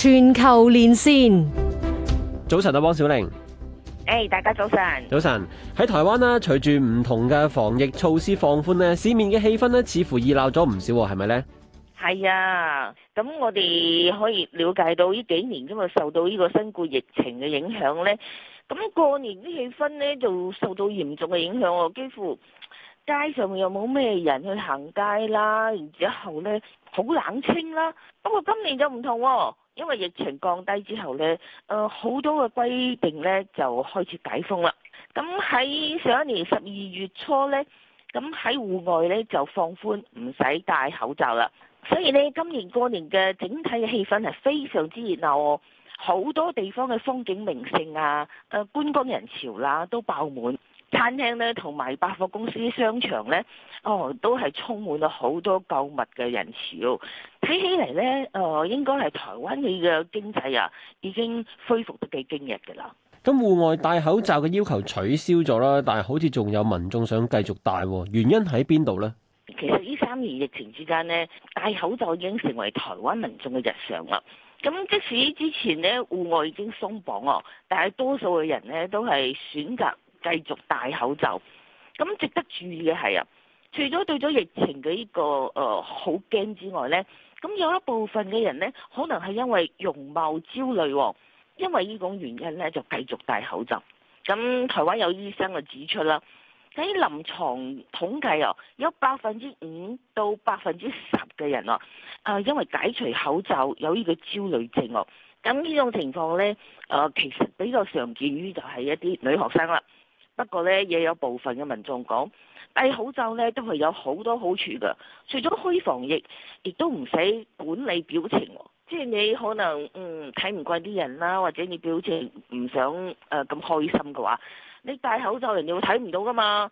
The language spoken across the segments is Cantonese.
全球連線，早晨啊，汪小玲。誒，大家早晨。早晨。喺台灣啦，隨住唔同嘅防疫措施放寬呢，市面嘅氣氛，呢似乎熱鬧咗唔少，係咪呢？係啊，咁我哋可以了解到呢幾年因為受到呢個新冠疫情嘅影響呢，咁過年嘅氣氛呢就受到嚴重嘅影響，幾乎街上面又冇咩人去行街啦，然之後呢。好冷清啦、啊，不過今年就唔同喎、啊，因為疫情降低之後呢，誒、呃、好多嘅規定呢就開始解封啦。咁喺上一年十二月初呢，咁喺戶外呢就放寬，唔使戴口罩啦。所以呢，今年過年嘅整體嘅氣氛係非常之熱鬧、啊，好多地方嘅風景名勝啊，誒、呃、觀光人潮啦、啊、都爆滿。餐廳咧，同埋百貨公司、商場咧，哦，都係充滿咗好多購物嘅人潮。睇起嚟咧，誒、哦，應該係台灣嘅經濟啊，已經恢復得幾驚人嘅啦。咁戶外戴口罩嘅要求取消咗啦，但係好似仲有民眾想繼續戴，原因喺邊度咧？其實呢三年疫情之間咧，戴口罩已經成為台灣民眾嘅日常啦。咁即使之前咧戶外已經鬆綁哦，但係多數嘅人咧都係選擇繼續戴口罩。咁值得注意嘅係啊，除咗對咗疫情嘅呢，這個誒好驚之外呢，咁有一部分嘅人呢，可能係因為容貌焦慮，因為呢種原因呢，就繼續戴口罩。咁台灣有醫生就指出啦，喺臨床統計啊，有百分之五到百分之十嘅人啊，啊、呃、因為解除口罩有呢個焦慮症。咁呢種情況呢，誒、呃、其實比較常見於就係一啲女學生啦。不過呢，也有部分嘅民眾講戴口罩呢都係有好多好處㗎，除咗可防疫，亦都唔使管理表情喎。即係你可能嗯睇唔慣啲人啦，或者你表情唔想誒咁、呃、開心嘅話，你戴口罩人哋會睇唔到㗎嘛。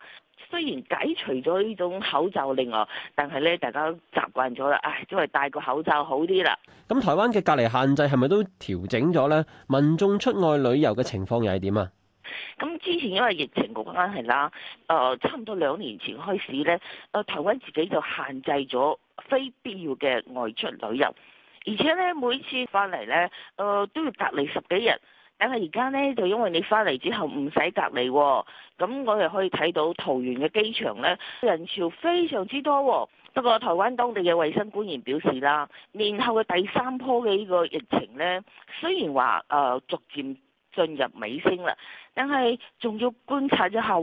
雖然解除咗呢種口罩令喎，但係呢大家都習慣咗啦，唉，因為戴個口罩好啲啦。咁台灣嘅隔離限制係咪都調整咗呢？民眾出外旅遊嘅情況又係點啊？咁之前因為疫情嗰個關係啦，誒、呃、差唔多兩年前開始咧，誒、呃、台灣自己就限制咗非必要嘅外出旅遊，而且咧每次翻嚟咧，誒、呃、都要隔離十幾日。但係而家咧就因為你翻嚟之後唔使隔離、哦，咁我哋可以睇到桃園嘅機場咧人潮非常之多、哦。不過台灣當地嘅衛生官員表示啦，年後嘅第三波嘅呢個疫情咧，雖然話誒、呃、逐漸進入尾聲啦，但係仲要觀察一下，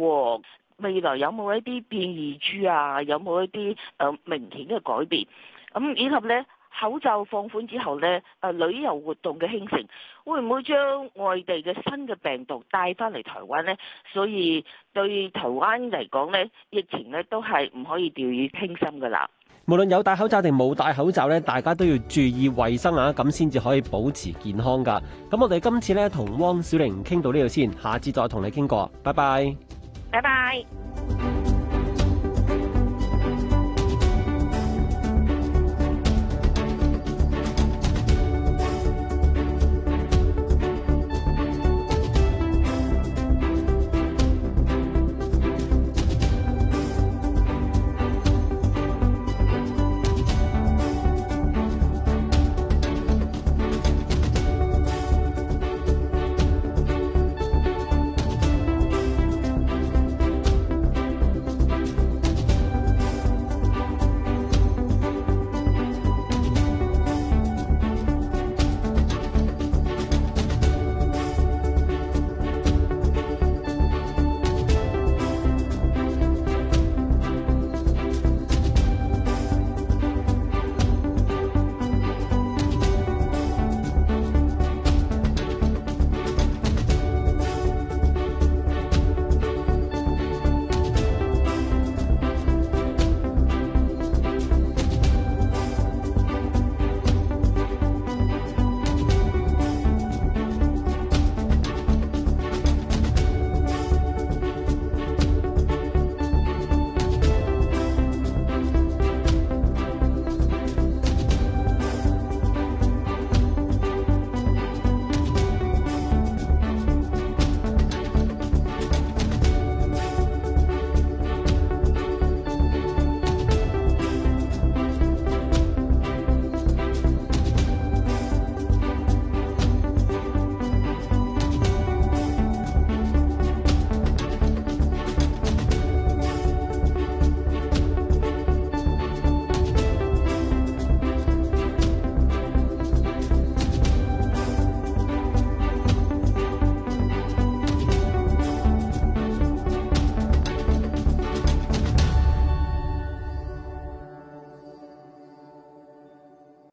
未來有冇一啲變異株啊，有冇一啲誒明顯嘅改變？咁以及呢，口罩放寬之後呢，誒旅遊活動嘅興盛，會唔會將外地嘅新嘅病毒帶翻嚟台灣呢？所以對台灣嚟講呢，疫情呢都係唔可以掉以輕心㗎喇。無論有戴口罩定冇戴口罩咧，大家都要注意衛生啊，咁先至可以保持健康噶。咁我哋今次咧，同汪小玲傾到呢度先，下次再同你傾過，拜拜，拜拜。